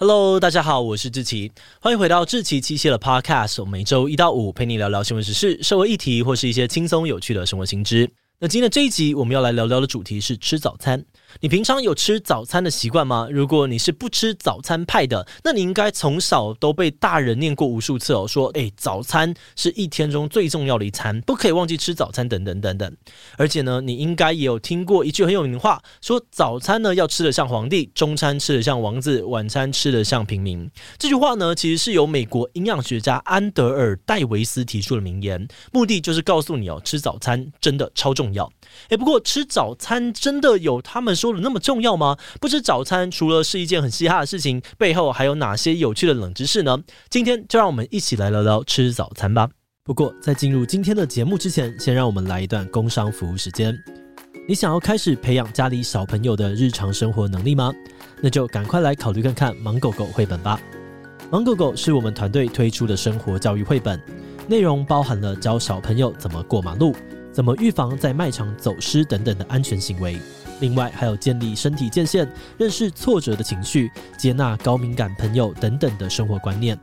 Hello，大家好，我是志祺，歡迎回到志祺七七的 Podcast。每週一到五陪你聊聊新聞時事、社會議題，或是一些輕鬆有趣的生活新知。那今天的這一集，我們要來聊聊的主題是吃早餐。你平常有吃早餐的習慣嗎？如果你是不吃早餐派的，那你應該從小都被大人念過無數次哦、喔，說誒、欸，早餐是一天中最重要的一餐，不可以忘記吃早餐，等等等等。而且呢，你應該也有聽過一句很有名的話，說早餐呢要吃得像皇帝，中餐吃得像王子，晚餐吃得像平民。這句話呢，其實是由美國營養學家安德爾‧戴維斯提出的名言，目的就是告訴你哦、喔，吃早餐真的超重要。誒、欸，不過吃早餐真的有他們說的那麼重要嗎？不吃早餐除了是一件很稀罕的事情，背後還有哪些有趣的冷知識呢？今天就讓我們一起來聊聊吃早餐吧。不過在進入今天的節目之前，先讓我們來一段工商服務時間。你想要開始培養家裡小朋友的日常生活能力嗎？那就趕快來考慮看看《芒狗狗》繪本吧。《芒狗狗》是我們團隊推出的生活教育繪本，內容包含了教小朋友怎麼過馬路。怎麼預防在賣場走失等等的安全行為，另外還有建立身體界限、認識挫折的情緒、接納高敏感朋友等等的生活觀念。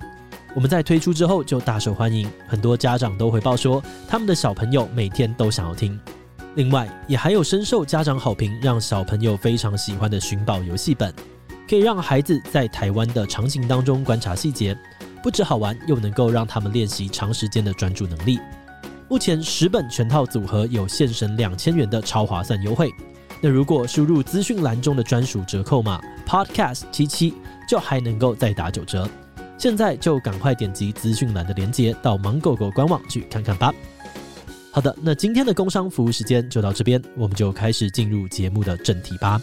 我們在推出之後就大受歡迎，很多家長都回報說，他們的小朋友每天都想要聽。另外也還有深受家長好評、讓小朋友非常喜歡的尋寶遊戲本，可以讓孩子在台灣的場景當中觀察細節，不只好玩，又能夠讓他們練習長時間的專注能力。目前十本全套組合有現省兩千元的超划算優惠，那如果輸入資訊欄中的專屬折扣碼 Podcast 七七，就還能夠再打九折。現在就趕快點擊資訊欄的鏈接到芒狗狗官網去看看吧。好的，那今天的工商服務時間就到這邊，我們就開始進入節目的正題吧。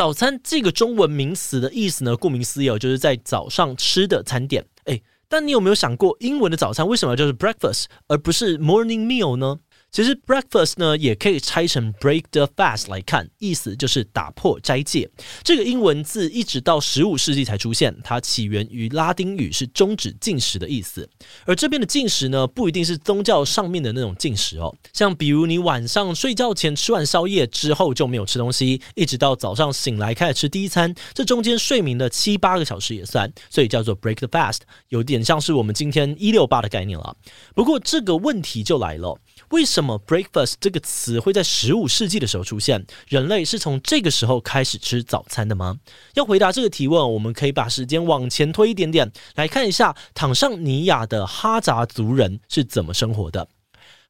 早餐這個中文名詞的意思呢，顧名思義，就是在早上吃的餐點。誒，但你有沒有想過，英文的早餐為什麼就是 breakfast，而不是 morning meal 呢？其實 breakfast 呢，也可以拆成 break the fast 來看，意思就是打破齋戒。這個英文字一直到十五世紀才出現，它起源於拉丁語，是終止禁食的意思。而這邊的禁食呢，不一定是宗教上面的那種禁食哦，像比如你晚上睡覺前吃完宵夜之後就沒有吃東西，一直到早上醒來開始吃第一餐，這中間睡眠的七八個小時也算，所以叫做 break the fast，有點像是我們今天一六八的概念了。不過這個問題就來了，為什麼？那麼，breakfast 這個詞會在十五世紀的時候出現？人類是從這個時候開始吃早餐的嗎？要回答這個提問，我們可以把時間往前推一點點，來看一下坦尚尼亞的哈扎族人是怎麼生活的。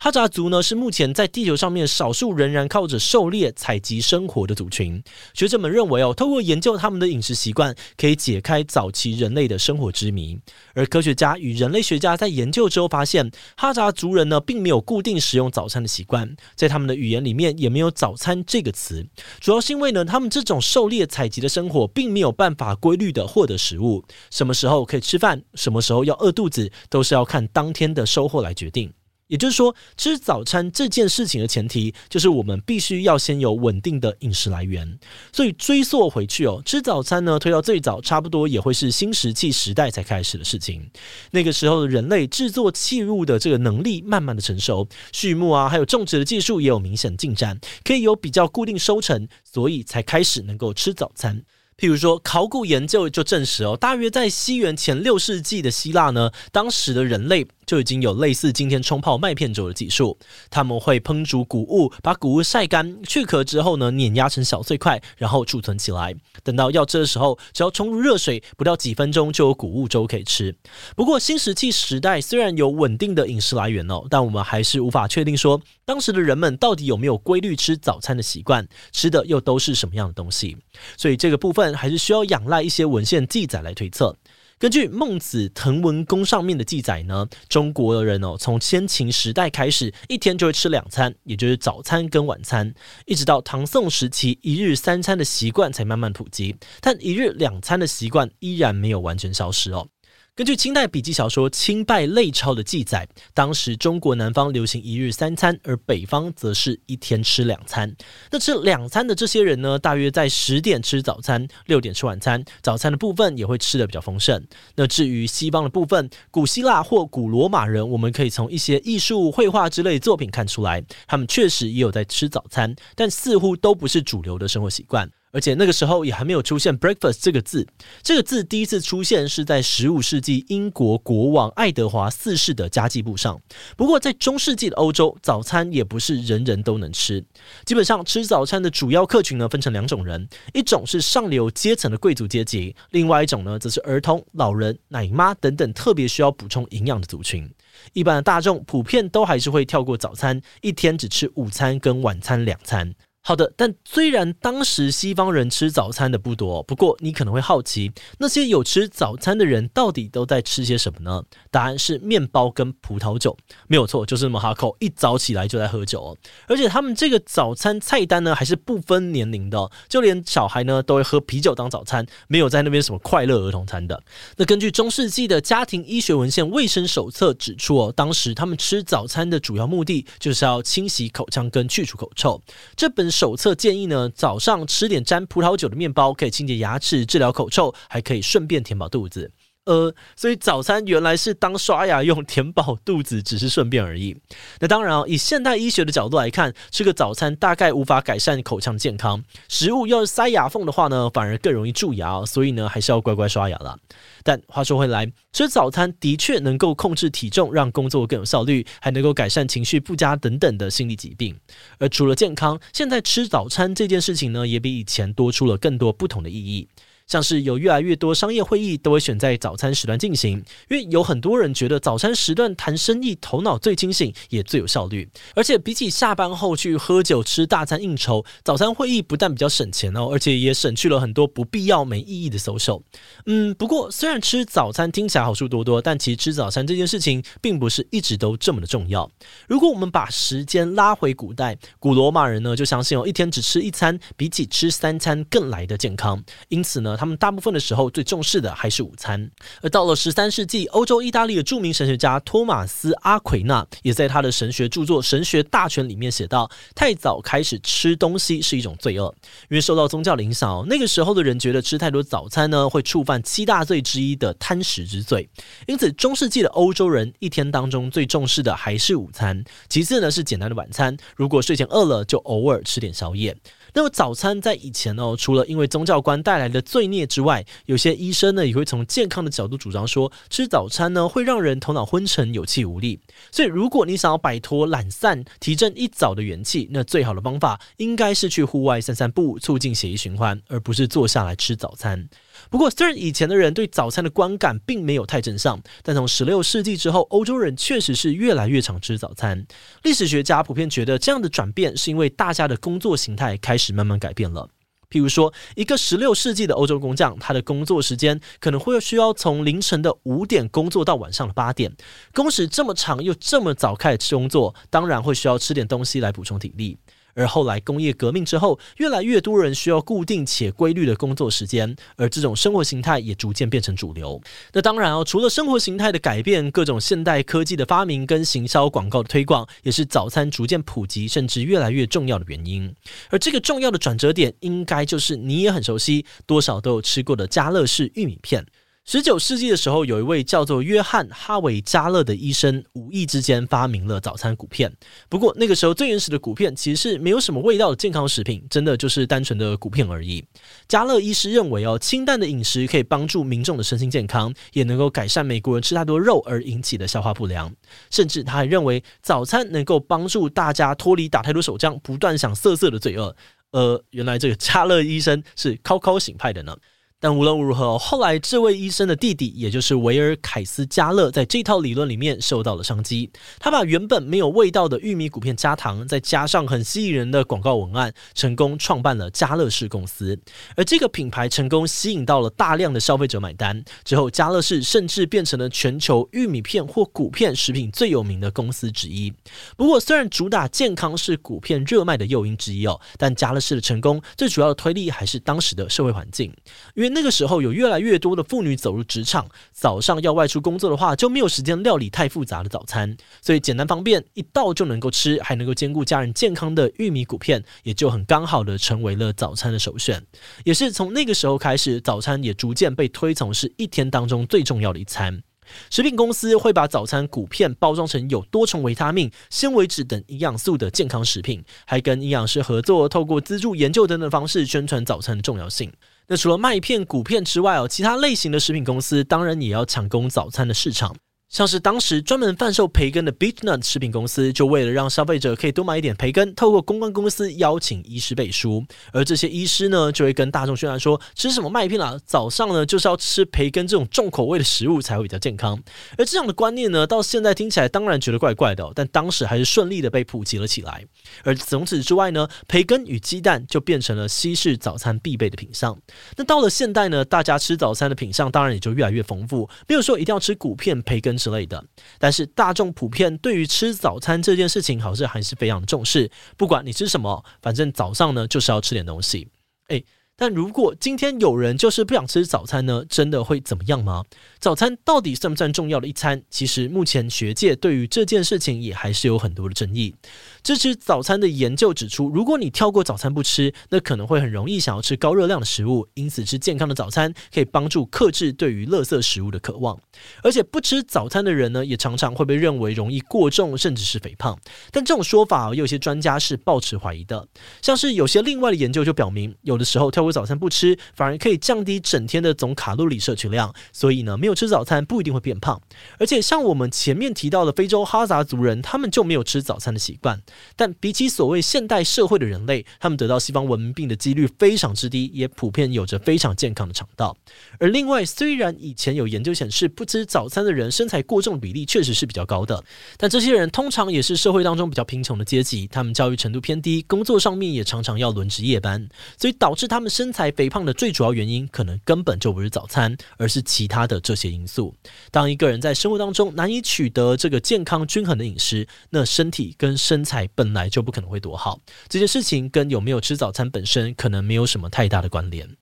哈扎族呢，是目前在地球上面少數仍然靠着狩獵採集生活的族群。學者們認為哦，透過研究他們的飲食習慣，可以解開早期人類的生活之謎。而科學家與人類學家在研究之後發現，哈扎族人呢，並沒有固定食用早餐的習慣，在他們的語言裡面也沒有“早餐”這個詞。主要是因為呢，他們這種狩獵採集的生活，並沒有辦法規律的獲得食物，什麼時候可以吃飯，什麼時候要餓肚子，都是要看當天的收穫來決定。也就是說，吃早餐這件事情的前提，就是我們必須要先有穩定的飲食來源。所以追溯回去哦，吃早餐呢，推到最早，差不多也會是新石器時代才開始的事情。那個時候的人類製作器物的這個能力慢慢的成熟，畜牧啊，還有種植的技術也有明顯進展，可以有比較固定收成，所以才開始能夠吃早餐。譬如說，考古研究就證實哦，大約在西元前六世紀的希臘呢，當時的人類。就已經有類似今天沖泡麥片粥的技術，他們會烹煮穀物，把穀物曬乾、去殼之後呢，碾壓成小碎塊，然後儲存起來。等到要吃的時候，只要沖入熱水，不到幾分鐘就有穀物粥可以吃。不過，新石器時代雖然有穩定的飲食來源哦，但我們還是無法確定說當時的人們到底有沒有規律吃早餐的習慣，吃的又都是什麼樣的東西。所以，這個部分還是需要仰賴一些文獻記載來推測。根據《孟子滕文公》上面的記載呢，中國人哦，從先秦時代開始，一天就會吃兩餐，也就是早餐跟晚餐，一直到唐宋時期，一日三餐的習慣才慢慢普及，但一日兩餐的習慣依然沒有完全消失哦。根據清代筆記小說《清稗類鈔》的記載，當時中國南方流行一日三餐，而北方則是一天吃兩餐。那吃兩餐的這些人呢，大約在十點吃早餐，六點吃晚餐。早餐的部分也會吃得比較豐盛。那至於西方的部分，古希臘或古羅馬人，我們可以從一些藝術繪畫之類的作品看出來，他們確實也有在吃早餐，但似乎都不是主流的生活習慣。而且那個時候也還沒有出現 “breakfast” 這個字，這個字第一次出現是在15世紀英國國王愛德華四世的家計簿上。不過，在中世紀的歐洲，早餐也不是人人都能吃。基本上，吃早餐的主要客群呢，分成兩種人：一種是上流階層的貴族階級，另外一種呢，則是兒童、老人、奶媽等等特別需要補充營養的族群。一般的大眾普遍都還是會跳過早餐，一天只吃午餐跟晚餐兩餐。好的，但雖然當時西方人吃早餐的不多，不過你可能會好奇，那些有吃早餐的人到底都在吃些什麼呢？答案是麵包跟葡萄酒，沒有錯，就是嘛，哈扣。一早起來就在喝酒哦。而且他們這個早餐菜單呢，還是不分年齡的，就連小孩呢都會喝啤酒當早餐，沒有在那邊什麼快樂兒童餐的。那根據中世紀的家庭醫學文獻《衛生手冊》指出哦，當時他們吃早餐的主要目的就是要清洗口腔跟去除口臭，這本。手冊建議呢，早上吃點沾葡萄酒的麵包，可以清潔牙齒、治療口臭，還可以順便填飽肚子。呃，所以早餐原來是當刷牙用，填飽肚子只是順便而已。那當然啊，以現代醫學的角度來看，吃個早餐大概無法改善口腔健康。食物要是塞牙縫的話呢，反而更容易蛀牙。所以呢，還是要乖乖刷牙啦。但話說回來，吃早餐的確能夠控制體重，讓工作更有效率，還能夠改善情緒不佳等等的心理疾病。而除了健康，現在吃早餐這件事情呢，也比以前多出了更多不同的意義。像是有越來越多商業會議都會選在早餐時段進行，因為有很多人覺得早餐時段談生意頭腦最清醒，也最有效率。而且比起下班後去喝酒吃大餐應酬，早餐會議不但比較省錢哦，而且也省去了很多不必要沒意義的 social。嗯，不過雖然吃早餐聽起來好處多多，但其實吃早餐這件事情並不是一直都這麼的重要。如果我們把時間拉回古代，古羅馬人呢就相信哦，一天只吃一餐，比起吃三餐更來的健康。因此呢。他們大部分的時候最重視的還是午餐，而到了十三世紀，歐洲意大利的著名神學家托馬斯·阿奎納也在他的神學著作《神學大全》裡面寫道：“太早開始吃東西是一種罪惡，因為受到宗教的影響，哦，那個時候的人覺得吃太多早餐呢會觸犯七大罪之一的貪食之罪。因此，中世紀的歐洲人一天當中最重視的還是午餐，其次呢是簡單的晚餐，如果睡前餓了，就偶爾吃點宵夜。”那麼早餐在以前呢，除了因為宗教觀帶來的罪孽之外，有些醫生呢也會從健康的角度主張說，吃早餐呢會讓人頭腦昏沉、有氣無力。所以，如果你想要擺脫懶散、提振一早的元氣，那最好的方法應該是去戶外散散步，促進血液循環，而不是坐下來吃早餐。不過，雖然以前的人對早餐的觀感並沒有太正向，但從16世紀之後，歐洲人確實是越來越常吃早餐。歷史學家普遍覺得，這樣的轉變是因為大家的工作形態開始慢慢改變了。譬如說，一個16世紀的歐洲工匠，他的工作時間可能會需要從凌晨的五點工作到晚上的八點。工時這麼長，又這麼早開始工作，當然會需要吃點東西來補充體力。而後來工業革命之後，越來越多人需要固定且規律的工作時間，而這種生活形態也逐漸變成主流。那當然哦，除了生活形態的改變，各種現代科技的發明跟行銷廣告的推廣，也是早餐逐漸普及甚至越來越重要的原因。而這個重要的轉折點，應該就是你也很熟悉，多少都有吃過的家樂氏玉米片。十九世紀的時候，有一位叫做約翰·哈維·加勒的醫生，無意之間發明了早餐穀片。不過那個時候最原始的穀片其實是沒有什麼味道的健康食品，真的就是單純的穀片而已。加勒醫師認為哦，清淡的飲食可以幫助民眾的身心健康，也能夠改善美國人吃太多肉而引起的消化不良。甚至他還認為早餐能夠幫助大家脫離打太多手槍、不斷想色色的罪惡。呃，原來這個加勒醫生是考考醒派的呢。但無論如何，後來這位醫生的弟弟，也就是維爾·凱斯·家樂，在這套理論裡面受到了商機。他把原本沒有味道的玉米穀片加糖，再加上很吸引人的廣告文案，成功創辦了家樂氏公司。而這個品牌成功吸引到了大量的消費者買單之後，家樂氏甚至變成了全球玉米片或穀片食品最有名的公司之一。不過，雖然主打健康是穀片熱賣的誘因之一哦，但家樂氏的成功最主要的推力還是當時的社會環境，因為那個時候有越來越多的婦女走入職場，早上要外出工作的話，就沒有時間料理太複雜的早餐，所以簡單方便，一倒就能夠吃，還能夠兼顧家人健康的玉米穀片，也就很剛好的成為了早餐的首選。也是從那個時候開始，早餐也逐漸被推崇是一天當中最重要的一餐。食品公司會把早餐穀片包裝成有多重維他命、纖維質等營養素的健康食品，還跟營養師合作，透過資助研究等等方式宣傳早餐的重要性。那除了麥片、穀片之外哦，其他類型的食品公司當然也要搶攻早餐的市場。像是當時專門販售培根的 Beech-Nut 食品公司，就為了讓消費者可以多買一點培根，透過公關公司邀請醫師背書，而這些醫師呢，就會跟大眾宣傳說，吃什麼麥片啦，早上呢就是要吃培根這種重口味的食物才會比較健康。而這樣的觀念呢，到現在聽起來當然覺得怪怪的，但當時還是順利的被普及了起來。而除此之外呢，培根與雞蛋就變成了西式早餐必備的品項。那到了現代呢，大家吃早餐的品項當然也就越來越豐富，沒有說一定要吃穀片培根。之類的，但是大眾普遍對於吃早餐這件事情，好像還是非常重視。不管你吃什麼，反正早上呢就是要吃點東西，哎、欸。但如果今天有人就是不想吃早餐呢？真的會怎麼樣嗎？早餐到底算不算重要的一餐？其實目前學界對於這件事情也還是有很多的爭議。支持早餐的研究指出，如果你跳過早餐不吃，那可能會很容易想要吃高熱量的食物。因此，吃健康的早餐可以幫助克制對於垃圾食物的渴望。而且，不吃早餐的人呢，也常常會被認為容易過重，甚至是肥胖。但這種說法，有些專家是抱持懷疑的。像是有些另外的研究就表明，有的時候跳過早餐不吃，反而可以降低整天的總卡路里攝取量。所以呢，沒有吃早餐不一定會變胖。而且，像我們前面提到的非洲哈薩族人，他們就沒有吃早餐的習慣。但比起所謂現代社會的人類，他們得到西方文明病的幾率非常之低，也普遍有着非常健康的腸道。而另外，雖然以前有研究顯示，不吃早餐的人身材過重比例確實是比較高的，但這些人通常也是社會當中比較貧窮的階級，他們教育程度偏低，工作上面也常常要輪值夜班，所以導致他們是身材肥胖的最主要原因，可能根本就不是早餐，而是其他的這些因素。當一個人在生活當中難以取得這個健康均衡的飲食，那身體跟身材本來就不可能會多好。這些事情跟有沒有吃早餐本身，可能沒有什麼太大的關聯。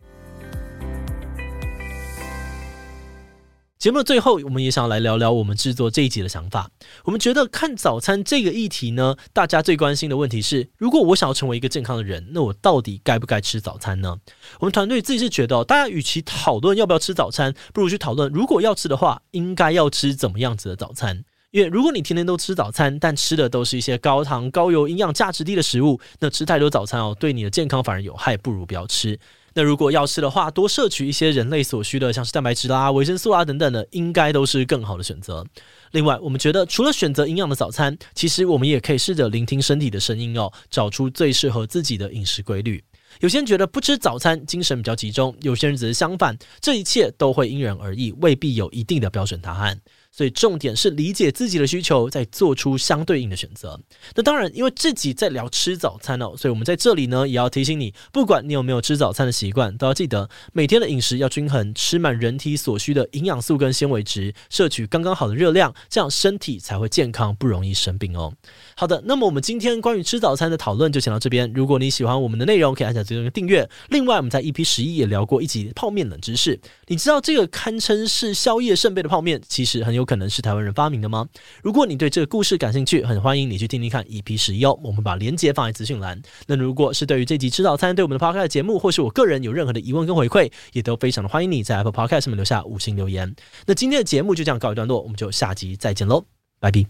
節目的最後，我們也想來聊聊我們製作這一集的想法。我們覺得看早餐這個議題呢，大家最關心的問題是：如果我想要成為一個健康的人，那我到底該不該吃早餐呢？我們團隊自己是覺得，大家與其討論要不要吃早餐，不如去討論如果要吃的話，應該要吃怎麼樣子的早餐。因為如果你天天都吃早餐，但吃的都是一些高糖、高油、營養價值低的食物，那吃太多早餐哦，對你的健康反而有害，不如不要吃。那如果要吃的話，多攝取一些人類所需的，像是蛋白質啦、啊、維生素啊等等的，應該都是更好的選擇。另外，我們覺得除了選擇營養的早餐，其實我們也可以試着聆聽身體的聲音哦，找出最適合自己的飲食規律。有些人覺得不吃早餐精神比較集中，有些人則是相反，這一切都會因人而異，未必有一定的標準答案。所以重點是理解自己的需求，再做出相對應的選擇。那當然，因為自己在聊吃早餐哦，所以我們在這裡呢也要提醒你，不管你有沒有吃早餐的習慣，都要記得每天的飲食要均衡，吃滿人體所需的營養素跟纖維質，攝取剛剛好的熱量，這樣身體才會健康，不容易生病哦。好的，那麼我們今天關於吃早餐的討論就先到這邊。如果你喜歡我們的內容，可以按下這個訂閱。另外，我們在 EP 十一也聊過一集泡麵冷知識。你知道這個堪稱是宵夜聖杯的泡麵，其實很有可能是台灣人發明的嗎？如果你對這個故事感興趣，很歡迎你去聽聽看 EP 十一哦，我們把鏈接放在資訊欄。那如果是對於這集吃早餐，對我們的 Podcast 節目，或是我個人有任何的疑問跟回饋，也都非常的歡迎你在 Apple Podcast 上面留下五星留言。那今天的節目就這樣告一段落，我們就下集再見嘍，拜拜。